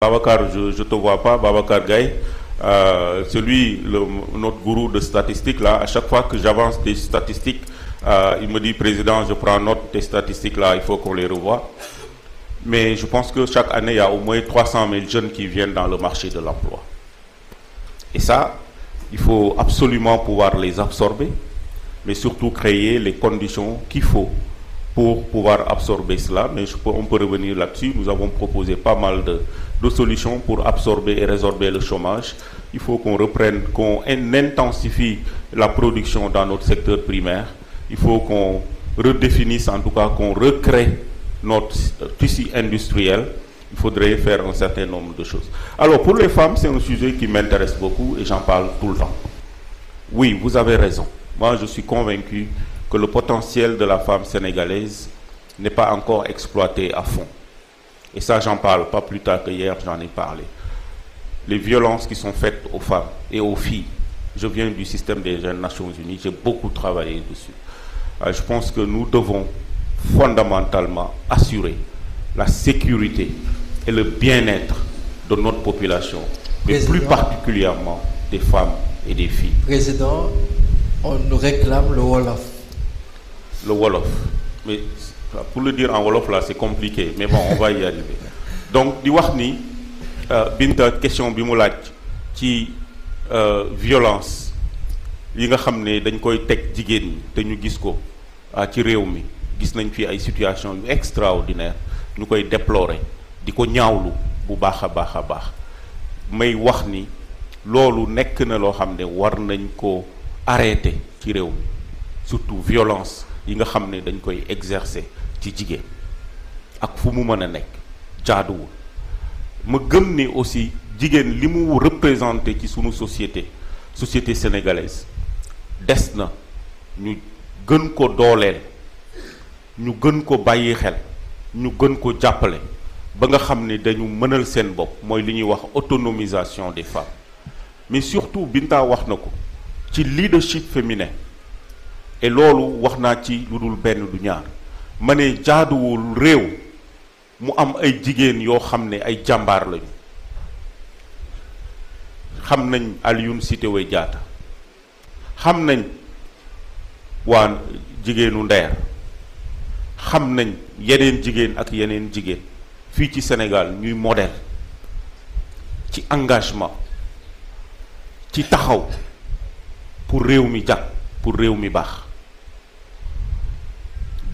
Babacar, je ne te vois pas, Babacar Gaye, euh, celui, le, notre gourou de statistiques, là, à chaque fois que j'avance des statistiques, euh, il me dit, Président, je prends note des statistiques, là, il faut qu'on les revoie. Mais je pense que chaque année, il y a au moins 300 000 jeunes qui viennent dans le marché de l'emploi. Et ça, il faut absolument pouvoir les absorber, mais surtout créer les conditions qu'il faut pour pouvoir absorber cela. Mais je peux, on peut revenir là-dessus. Nous avons proposé pas mal de, de solutions pour absorber et résorber le chômage. Il faut qu'on reprenne, qu'on intensifie la production dans notre secteur primaire. Il faut qu'on redéfinisse, en tout cas qu'on recrée notre euh, tissu industriel. Il faudrait faire un certain nombre de choses. Alors pour les femmes, c'est un sujet qui m'intéresse beaucoup et j'en parle tout le temps. Oui, vous avez raison. Moi, je suis convaincu que le potentiel de la femme sénégalaise n'est pas encore exploité à fond. Et ça, j'en parle, pas plus tard que hier, j'en ai parlé. Les violences qui sont faites aux femmes et aux filles. Je viens du système des jeunes Nations Unies, j'ai beaucoup travaillé dessus. Euh, je pense que nous devons fondamentalement assurer la sécurité et le bien-être de notre population, mais plus particulièrement des femmes et des filles. Président, on nous réclame le Wolof. Le Wolof. Mais pour le dire en wolof là c'est compliqué mais bon on va y arriver donc di wax ni euh, Binta question bi mu laaj ci euh, violence yi nga xamné dañ koy tek jigen ñi te ñu gis ko ah, ci réew mi gis nañ fi ay situation yu extraordinaire ñu koy déplorer diko ñaawlu bu baaxa baaxa baax may wax ni loolu nekk na loo xam ne war nañ ko arrêter ci réew mi surtout violence yi nga xam ne dañ koy exercer ci ak aussi société société sénégalaise des na ñu gën ko dooleel ñu gën ko bàyyi xel ñu gën ko jàppale ba nga xam dañu mënal li autonomisation des femmes mais surtout Binta leadership féminin loolu wax naa ci lu dul benn du ñaar ma ne jaaduwul réew mu am ay jigéen yoo xam ne ay jàmbaar lañu xam nañ Alioune Sitoé jaata xam nañ waa jigéenu ndeer xam nañ yeneen jigéen ak yeneen jigéen fii ci Sénégal ñuy modèle ci engagement ci taxaw pour réew mi jàkk pour réew mi baax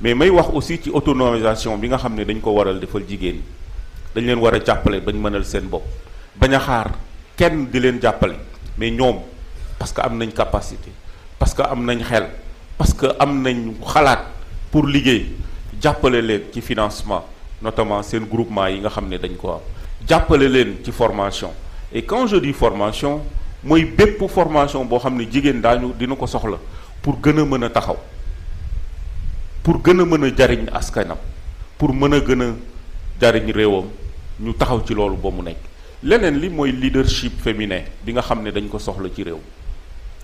mais may wax aussi ci autonomisation bi nga xam dañ ko waral defal dañ leen a bañ mënal seen bopp bañ a xaar kenn di leen mais ñoom parce que am nañ capacité parce que am nañ parce que ont nañ pour liggéey jàppale leen ci financement notamment seen groupement yi nga dañ ko formation et quand je dis formation mooy formation boo xam ne pour pour gën a mën a jariñ askanam pour mën a gën a jariñ réewam ñu taxaw ci loolu ba mu nekk leneen li mooy leadership féminin bi nga xam ne dañ ko soxla ci réew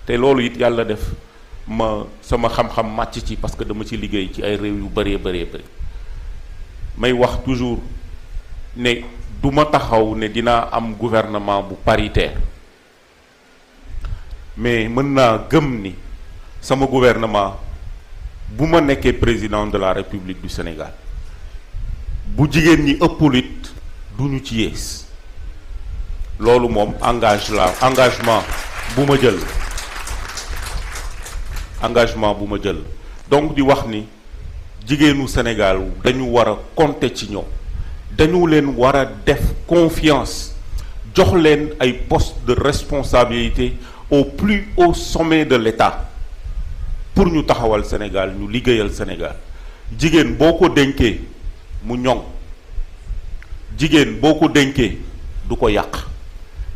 te loolu it yàlla def ma sama xam-xam màcc ci parce que dama ci liggéey ci ay réew yu bëree bëree bëri may wax toujours ne du ma taxaw ne dinaa am gouvernement bu paritaire mais mën naa gëm ni sama gouvernement Vous ma le président de la république du Sénégal Si un suis engage engagement engagement donc di wax Sénégal nous devons compter ci confiance jox de responsabilité au plus haut sommet de l'État pour ñu taxawal Sénégal ñu liggéeyal Sénégal jigéen boo ko dénkee mu ñoŋ jigéen boo ko dénkee du ko yàq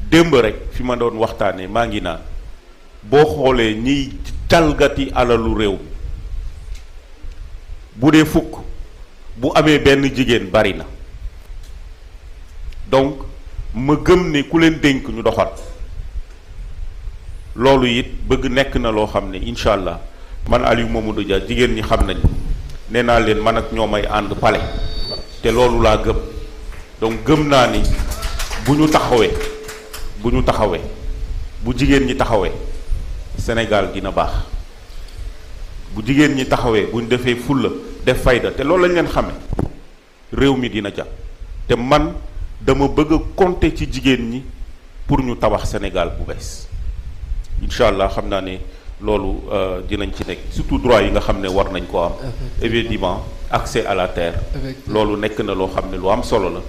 démb rek fi ma doon waxtaanee maa ngi naan boo xoolee ñiy jalgati alalu réew bu dee fukk bu amee benn jigéen bari na donc ma gëm ne ku leen dénk ñu doxal loolu it bëgg nekk na loo xam ne incha allah. man moomu Mamadou Dia jigéen ñi xam nañ nee naa leen man ak ñoo may ànd pale te loolu laa gëm donc gëm naa ni bu ñu taxawee bu ñu taxawee bu jigéen ñi taxawee Sénégal dina baax bu jigéen ñi taxawee bu ñu defee fulla def fayda te loolu lañ leen xamee réew mi dina jag te man dama bëgg a ci jigéen ñi pour ñu tabax Sénégal bu bees incha allah xam naa ne. loolu euh, dinañ ci nek surtout droit yi nga xamné war nañ ko am évidemment accès à la terre loolu nek na lo xamné ne lu am solo la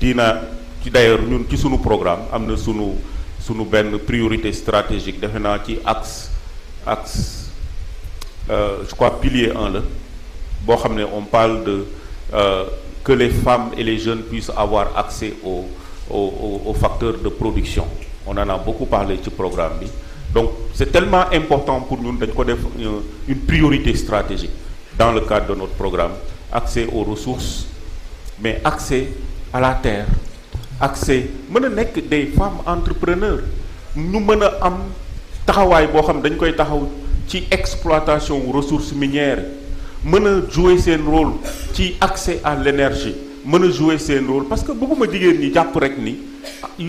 dina ci d'ailleurs ñun ci suñu programme amna suñu suñu sunu benn priorité stratégique defena ci axe axe euh, je crois pilier 1 la boo xam on parle de euh, que les femmes et les jeunes puissent avoir accès aux aux aux facteurs de production on en a beaucoup parlé ci programme bi donc c'est tellement important pour nous d'être euh, une priorité stratégique dans le cadre de notre programme accès aux ressources mais accès à la terre accès Nous sommes des femmes entrepreneurs nous sommes des am travail boo xam ressources minières nous jouer son rôle qui accès à l'énergie nous jouer rôle parce que me disent que ni